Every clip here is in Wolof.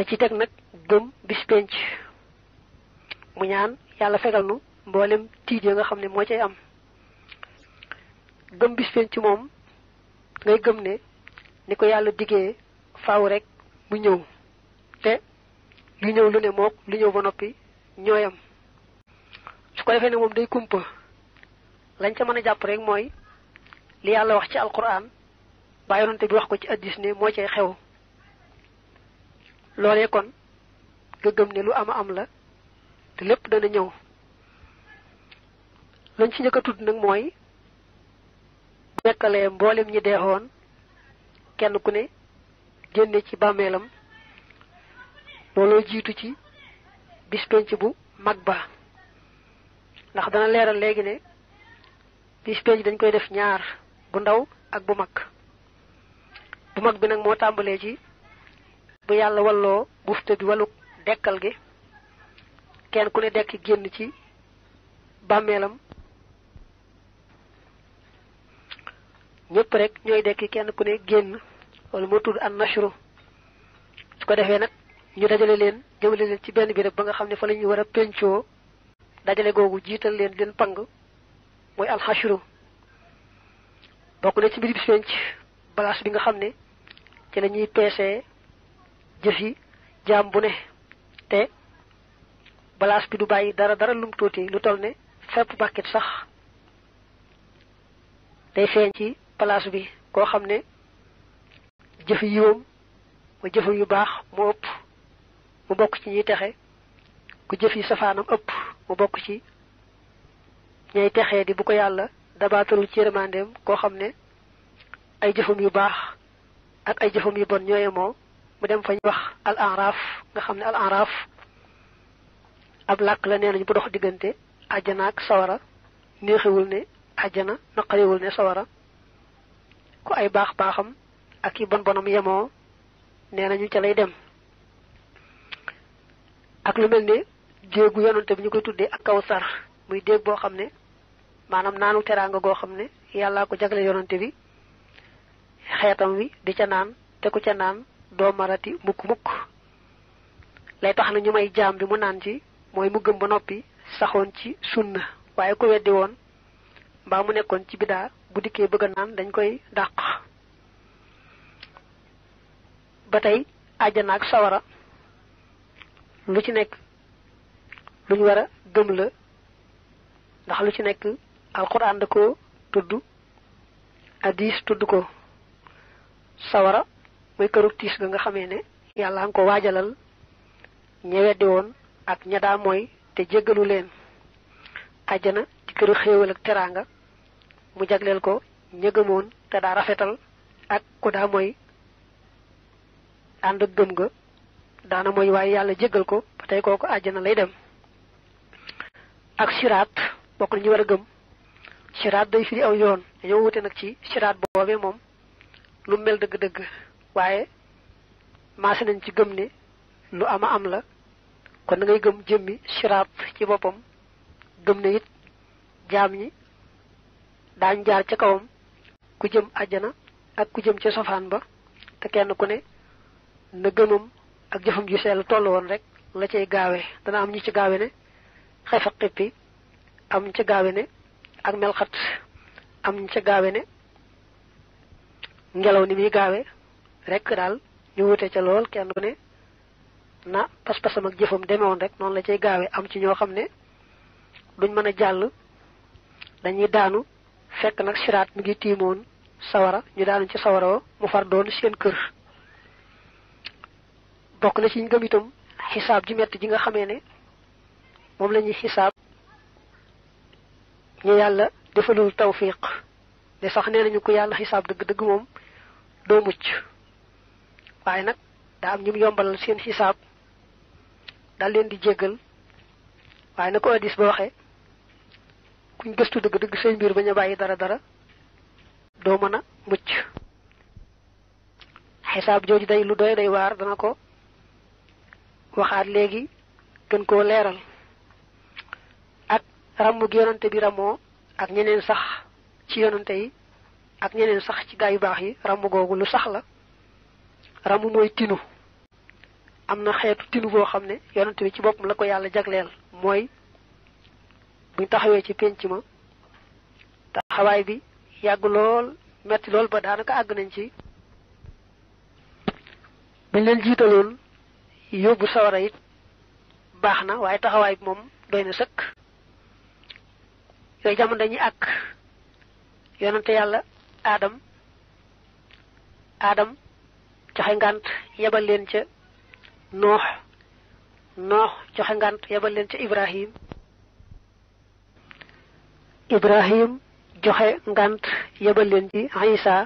te ci teg nag gëm bis mu ñaan yàlla fegal nu mboolem tiit ya nga xam ne moo cay am gëm bis penc moom ngay gëm ne ni ko yàlla diggee faaw rek mu ñëw te lu ñëw lu ne mook lu ñëw ba noppi ñooyam su ko defee ne moom day kumpa lañ ca mën a jàpp rek mooy li yàlla wax ci alquran baa yonante bi wax ko ci addis ne moo cay xew loolee kon nga gëm ne lu ama am la te lépp dana ñëw lañ ci njëkk a tudd nag mooy nekkalee mboolem ñi deexoon kenn ku ne génne ci bàmmeelam looloo jiitu ci bis penc bu mag ba ndax dana leeral léegi ne bis dañ koy def ñaar bu ndaw ak bu mag bu mag bi nag moo tàmbalee ci mu yàlla walloo bufta bi waluk dekkal gi kenn ku ne dekk génn ci bàmmeelam ñëpp rek ñooy dekki kenn ku ne génn wala moo tudd an nashru su ko defee nag ñu dajale leen jëmale leen ci benn béréb ba nga xam ne fa la ñuy war a pencoo dajale googu jiital leen leen pang mooy alxashru bokk na ci mbiri bis penc balaas bi nga xam ne ci la peesee jëfi jaam bu ne te balaas bi du bàyyi dara dara lum tuuti lu toll ne fépp bàkkit sax day feeñ ci palaas bi koo xam ne jëfi yiwam ma jëfam yu baax mu ëpp mu bokk ci ñuy texe ku jëf yi safaanam ëpp mu bokk ci ñay texee di bu ko yàlla dabaatalul ci yërmandeem koo xam ne ay jëfam yu baax ak ay jëfam yu bon moom mu dem fa wax al araf nga xamne al araf ab lak la nee bu dox digënté aljana ak sawara neexewul ne aljana naqarewul ne sawara ku ay bax baxam ak yi bon bonam yemo nee ci lay dem ak lu melni ne yonante bi ñukoy tuddé ak kawsar sar muy déeg bo xam manam nanu teranga go goo yalla ko jagalé yonante bi xéetam wi di ca naan te ku ca naan do marati muk-muk, lay tax na ñu may jaam bi mu naan ci mooy mu gëm ba noppi saxoon ci sunna waaye ku weddi woon mbaa mu nekkoon ci bidaa bu dikkee bëgg naan dañ koy dàq ba tey àjjana sawara lu ci nekk luñ war a gëm la ndax lu ci nekk alquran da ko tudd hadis tudd ko sawara mooy kërug tiis ga nga xamee ne yàlla nga ko waajalal ña weddi ak ña daa mooy te jéggalu leen àjjana ci këru xéewal ak teraanga mu jagleel ko ña gëmoon te daa rafetal ak ku daa mooy ànd gëm ga daana mooy waaye yàlla jéggal ko ba tey kooku àjjana lay dem ak siraat bokk na ñu a gëm siraat day firi aw yoon dañoo wute nag ci siraat boobee moom lu mel dëgg-dëgg waaye maase nañ ci gëm ne lu ama am la kon da ngay gëm jëmmi siraat ci boppam gëm ne it jaam ñi daañ jaar ca kawam ku jëm àjjana ak ku jëm ca sofaan ba te kenn ku ne na gëmam ak jëfam ju sell toll woon rek la cay gaawe dana am ñi ci gaawe ne xefa xippi am ñi ci gaawe ne ak melxat am ñi ci gaawe ne ngelaw ni muy gaawe rekk daal ñu wute ca lool kenn ku ne na pas-pasam ak jëfam demewoon rek noonu la cay gaawee am ci ñoo xam ne duñ mën a jàll dañuy daanu fekk nag siraat mi ngi tiimoon sawara ñu daanu ci sawara wa mu far doon seen kër bokk na ci ngëm itam xisaab ji metti ji nga xamee ne moom la ñuy xisaab ñu yàlla defalul tawfiq ne sax nee nañu ko yàlla xisaab dëgg-dëgg moom doo mucc waaye nag da am ñum yombalal seen xisaab dal leen di jéggal waaye nak ko hadis ba waxe kuñ gëstu dëgg dëgg seen mbir baña bàyyi dara dara doo mën a mucc xisaab jooju day lu doy day waar dana ko waxaat léegi gën koo leeral ak ràmm gi yonante bi ramoo ak ñeneen sax ci yonante yi ak ñeneen sax ci yi ràmm googu lu sax la ramu mooy tinu am na xeetu tinu boo xam ne yonent bi ci boppam la ko yàlla jagleel mooy buñ taxawee ci pénc ma taxawaay bi yàgg lool metti lool ba daanaka àgg nañ ci buñ leen jiitaloon yóbbu sawara it baax na waaye taxawaay bi moom doy na sëkk yooyu jamono ñi àkk yonante yàlla aadam aadam joxe ngant yebal leen ca noox noox joxe ngant yabal leen ca ibrahim ibrahim joxe ngant yebal leen ci isa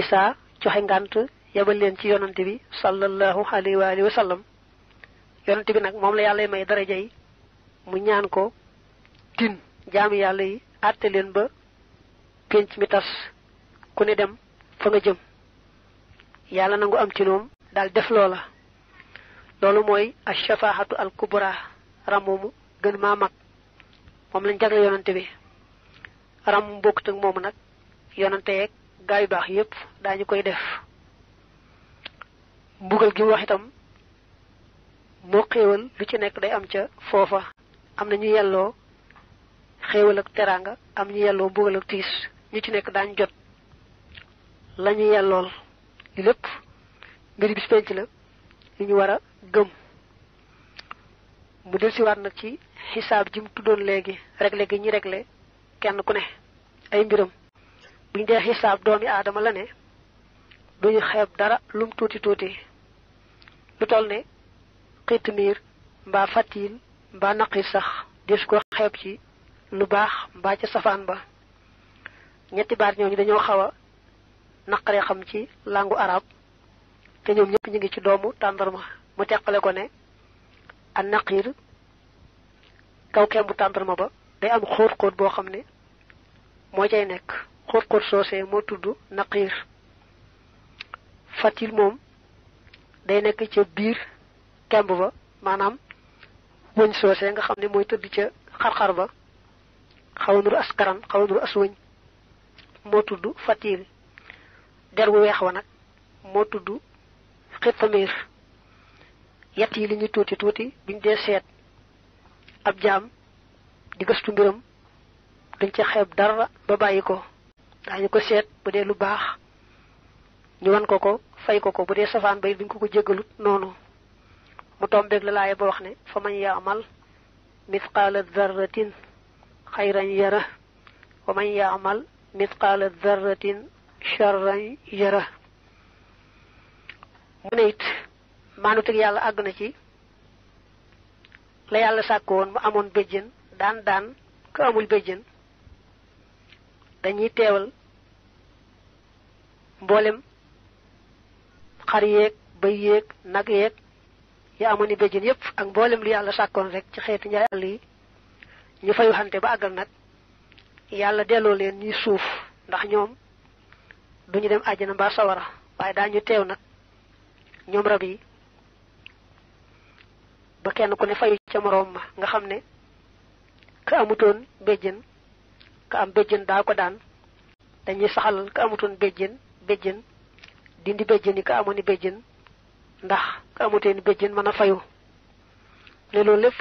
isa joxe ngant yebal leen ci yonante bi sallallahu alayhi wa alihi wa bi nag moom la yàlla may daraja yi mu ñaan ko tin jaamu yàlla yi àtte leen ba pénc mi tas ku ne dem fa nga jëm yalla nangu am ci lom dal def lolu moy ash ramumu al kubra ramumu gën ma mag mom lañu jagal yonante bi ram bokk tak mom nak yonante yeeg gaa bax yépp dañu koy def mbugal gi wax itam mo xewal lu ci nek day am ca foofa am nañu yello xewal ak teranga am ñu yello bugal ak ñu ci nek jot lañu di lepp ngir bis penc la li ñu wara gëm mu del war nag ci hisab jim tudon legi rek regle ñi regle kenn ku ne ay mbiram buñ dé hisab doomi la ne duñu xeb dara lum tuti tuti, lu toll ne xitmiir mba fatil mba naqi sax des ko xeb ci lu baax mba ci safan ba ñetti dañoo xawa naqaree xam ci langu arab te ñoom ñëpp ñu ngi ci doomu tàndarma mu teqale ko ne an naqiir kaw kem bu tàndarma ba day am xóot-xóot boo xam ne moo cay nekk xóot-xóot soosee moo tudd naqiir fatil moom day nekk ca biir kemb ba maanaam wëñ nga xam ne mooy tëdd ca xar-xar ba xaw a nur as karan xaw a nur as moo tudd fatil der wu weex wa nag moo tudd xitamiir yett yi li ñuy tuuti tuuti buñ dee seet ab jaam di gëstu mbiram dañ ca xeeb dara ba bàyyi ko daañu ko seet bu dee lu baax ñu wan ko ko fay ko ko bu dee safaan bay duñ ko ko jéggalut noonu mu tombeeg la laaya ba wax ne fa man yaamal mithqaala darratin xayran yara wa man yaamal mithqaala darratin sharran yara mu ne it maanuteg yàlla àgg na ci la yàlla sàkkoon mu amoon béjjën daan daan ko amul béjjën dañuy teewal mboolem xar yeeg bay yeeg ya amoon i béjjën ak mboolem li yàlla rek ci xeeti njaay àll ñu fay waxante ba àggal nag yàlla suuf ndax du ñu dem àjjana mbaa sawara waaye daañu teew nag ñoom rab yi ba kenn ku ne fayu ca moroom ma nga xam ne ka amutoon béjjën ka am béjjën daa ko daan dañuy saxalal ka amutoon béjjën béjjën dindi béjjën yi ka amoon i ndax ka amuteen béjjën mën a fayu ne loolu lépp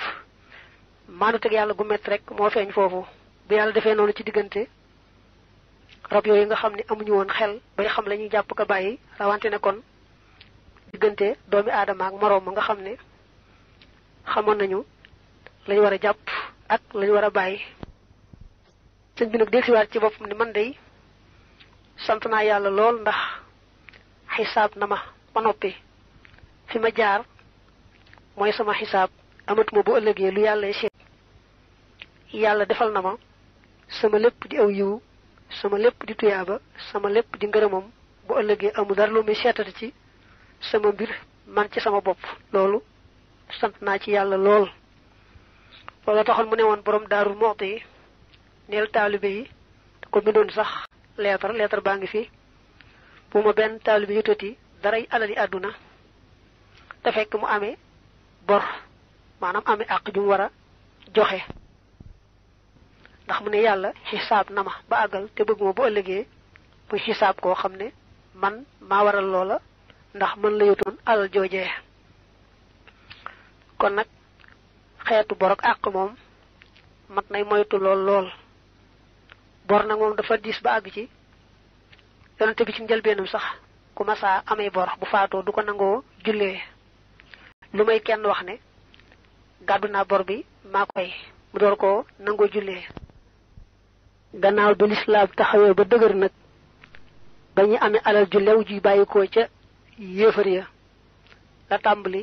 maandu teg yàlla gu métti rek moo feeñ foofu bu yàlla defee noonu ci diggante rab yooyu nga xam ne amuñu woon xel bay xam la ñuy jàpp ko bàyyi rawante ne kon diggante doomi aadama ak ma nga xam ne xamoon nañu lañu war a jàpp ak lañu war a bàyyi sëñ bi nag dellusiwaat ci boppam ni man day sant naa yàlla lool ndax xisaab na ma ba noppi fi ma jaar mooy sama xisaab amatuma bu ëllëgee lu yàlla seet yàlla defal na ma sama lépp di aw yiw sama lepp di tuyaaba sama lepp di ngërëmam bu ëllëgee amu dara lu muy seetati ci sama bir man ci sama bopp loolu sant naa ci yàlla lool loolu taxal mu ne borom daarul moxti yi neel taalibe yi ko bindoon sax leetar leetar baa ngi fi bu ma benn taalibe yëtati daray alali àdduna te fekk mu amee bor maanaam amee àq ju mu war ndax mu ne yàlla xisaab na ma ba àggal te bëgguma bu ëllëgee muy xisaab koo xam ne man maa waral loola ndax mën la yotoon alal joojee kon nag xeetu borog àq moom mat nay moyetu lool lool bor nag moom dafa diis ba àgg ci yonente bi ci njëlbeenam sax ku masaa amee bor bu faatoo du ko nangoo jullee lu may kenn wax ne gàddu naa bor bi maa koy mu door ko nangoo jullee gannaaw bi lislaam taxawee ba dëgër nag ba ñu amee alal ju lew ji bàyyikoo ca yéefar ya la tàmbali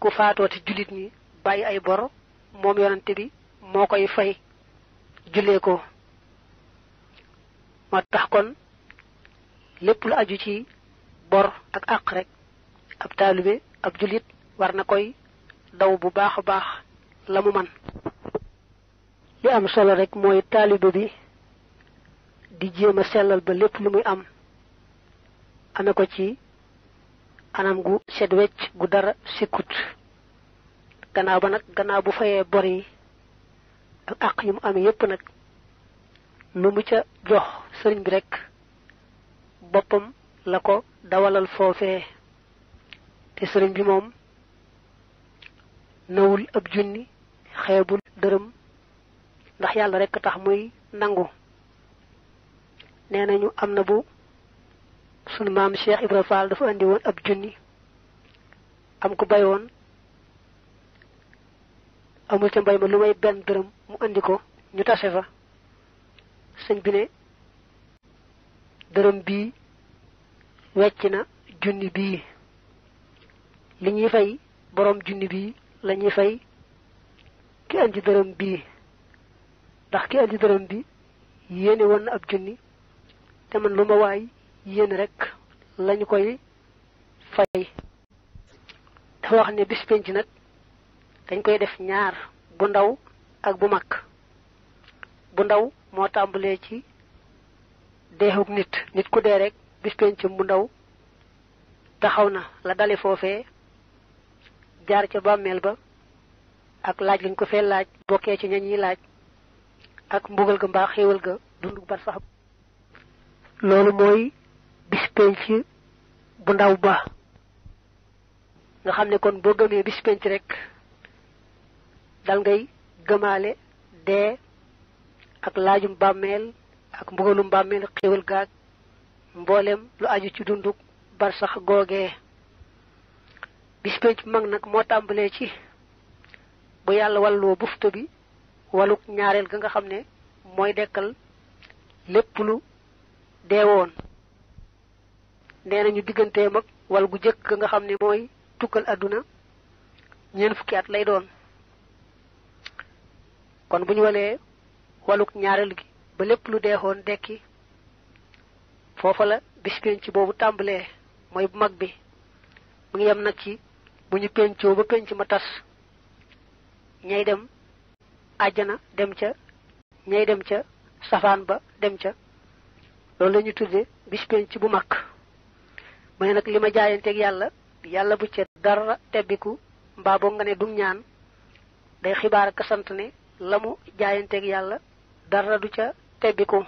ku faatoo te jullit ñi bàyyi ay bor moom yonante bi moo koy fay jullee ko moo tax kon lépp lu aju ci bor ak àq rek ab taalibe ab jullit war na koy daw bu baax a baax la mu man li am solo rek mooy taalibe bi di jéem sellal ba lépp lu muy am ame ko ci anam gu set wecc gu dara sikkut gannaaw ba nag ganaaw bu fayee bor yi ak àq yi mu amee yépp nag lu mu ca jox sëriñ bi rekk boppam la ko dawalal foofee te sëriñ bi moom nawul ab junni xeebul dërëm ndax yàlla rekk tax muy nangu nee amna am bu sun maam cheikh ibra fall dafa andi woon ab junni am ko bayoon amul ca mbay ma lu may benn dërëm mu andi ko ñu tase fa sëñ bi ne dërëm bii wecc na junni bii li ñuy fay borom junni bii la ñuy fay ki andi dërëm bii ndax ki andi dërëm bi yéene woon na ab junni te man lu ma waay yéen rek lañu koy fay dafa wax ne bis penc nag dañ koy def ñaar bu ndaw ak bu mag bu ndaw moo tàmbalee ci deexuk nit nit ku dee rek bis pencam bu ndaw taxaw na la dale foofe jaar ca bàmmeel ba ak laaj lañ ko fee laaj bokkee ci ña laaj ak mbugal ga mbaa xéewal ga dund bar sax loolu mooy bis bu ndaw ba nga xam ne kon boo gëmee bis rek dal ngay gëmale dee ak laajum bàmmeel ak mbugalum bàmmeel xéwal gaag mboolem lu aju ci dunduk bar sax googee bis penc mag nag moo tàmbalee ci bu yàlla walloo bufta bi waluk ñaareel ga nga xam ne mooy dekkal lépp lu deewoon nee ñu diggante ak wal gu jëkk nga xam ne mooy tukkal àdduna ñeent fukki at lay doon kon bu ñu walee waluk ñaareel gi ba lépp lu deexoon dekki foofa la bis penc boobu tàmbalee mooy bu mag bi mu ngi yem nag ci bu ñu pencoo ba penc ma tas ñay dem àjjana dem ca ñay dem ca safaan ba dem ca loolu la ñu tuddee bis penc bu mag mu nag li ma jaayanteeg yàlla yàlla bu ca dara tebbiku mbaa boog nga ne dum ñaan day xibaar ka sant ne lamu mu jaayanteeg yàlla dara du ca tebbiku